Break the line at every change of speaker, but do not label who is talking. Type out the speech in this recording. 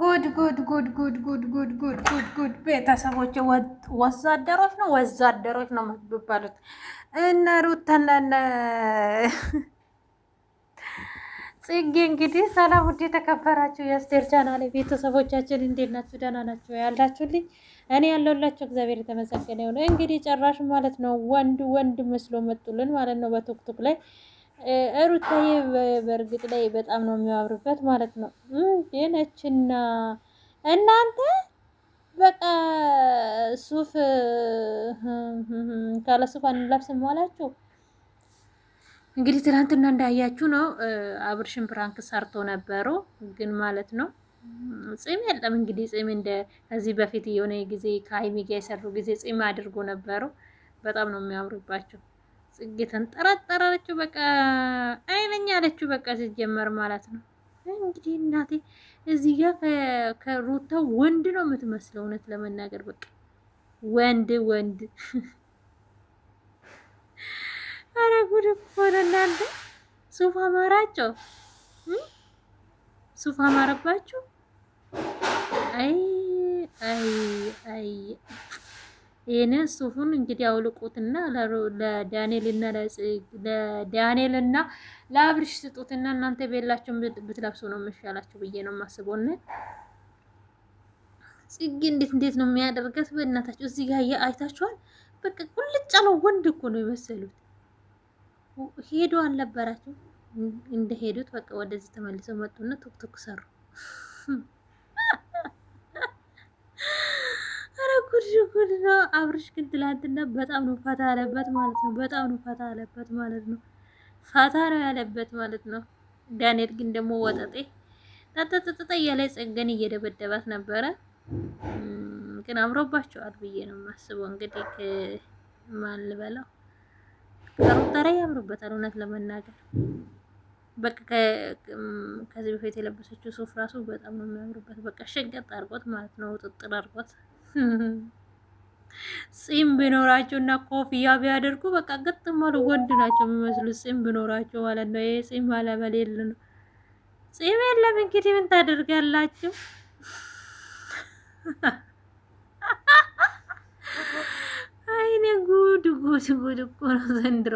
ጉድ ጉድ ጉድ ጉድ ጉድ ጉድ ጉድ ጉድ ጉድ ቤተሰቦች ወዛደሮች ነው ወዛደሮች ነው የምትባሉት። እነ ሩታና ጽጌ እንግዲህ ሰላም ውድ የተከበራችሁ የአስቴር ቻናል ቤተሰቦቻችን እንዴት ናችሁ? ደህና ናችሁ ያላችሁልኝ? እኔ ያለሁላችሁ እግዚአብሔር የተመሰገነ ይሁን። እንግዲህ ጨራሽ ማለት ነው ወንድ ወንድ መስሎ መጡልን ማለት ነው በቱክቱክ ላይ እሩታዬ በእርግጥ ላይ በጣም ነው የሚያምርበት ማለት ነው። የነችና እናንተ በቃ ሱፍ ካለ ሱፍ አንለብስም አላችሁ።
እንግዲህ ትናንትና እንዳያችሁ ነው አብርሽን ፕራንክ ሰርቶ ነበሩ ግን ማለት ነው ፂም የለም እንግዲህ ፂም እንደ ከዚህ በፊት የሆነ ጊዜ ከሀይሚ የሰሩ ጊዜ ፂም አድርጎ ነበሩ። በጣም ነው የሚያምሩባቸው። ጽጌ ተንጠራጠረችው። በቃ አይነኛ አለችው። በቃ ሲጀመር ማለት ነው እንግዲህ እናቴ እዚህ ጋር ከሩታ ወንድ ነው የምትመስለው። እውነት ለመናገር በቃ ወንድ ወንድ። አረ ጉድ እኮ ነው እናንተ። ሱፍ አማራቸው፣ ሱፍ አማረባቸው። አይ አይ አይ ይህንን ሱፉን እንግዲህ አውልቁትና ለዳንኤልና ለዳንኤልና ለአብርሽ ስጡትና እናንተ ቤላችሁን ብትለብሱ ነው የሚሻላችሁ ብዬ ነው የማስበው። ጽጌ እንዴት እንዴት ነው የሚያደርጋት? በእናታችሁ እዚህ ጋር አይታችኋል። በቃ ቁልጫ ነው። ወንድ እኮ ነው የመሰሉት። ሄዶ አልነበራቸው እንደሄዱት በቃ ወደዚህ ተመልሰው መጡና ቶክቶክ ሰሩ። አብርሽ ጉድ ነው። አብርሽ ግን ትላንትና በጣም ነው ፈታ ያለበት ማለት ነው። በጣም ነው ፈታ ያለበት ማለት ነው። ፈታ ነው ያለበት ማለት ነው። ዳንኤል ግን ደግሞ ወጠጤ ጠጠጠጠ እያለ ጸገን እየደበደባት ነበረ። ግን አምሮባቸዋል ብዬ ነው የማስበው። እንግዲህ ማን ልበለው ከሩታራ ያምሩበታል። እውነት ለመናገር በቃ ከዚህ በፊት የለበሰችው ሱፍ ራሱ በጣም ነው የሚያምርበት። በቃ ሸንቀጥ አርቆት ማለት ነው ውጥጥር አርቆት ጺም ቢኖራቸው እና ኮፍያ ቢያደርጉ በቃ ግጥም አሉ ወንድ ናቸው የሚመስሉ ጺም ቢኖራቸው ማለት ነው። ይሄ ጺም አለበል የለ ነው። ጺም የለም እንግዲህ ምን ታደርጋላችሁ? አይኔ ጉድ ጉድ ጉድ እኮ ነው ዘንድሮ።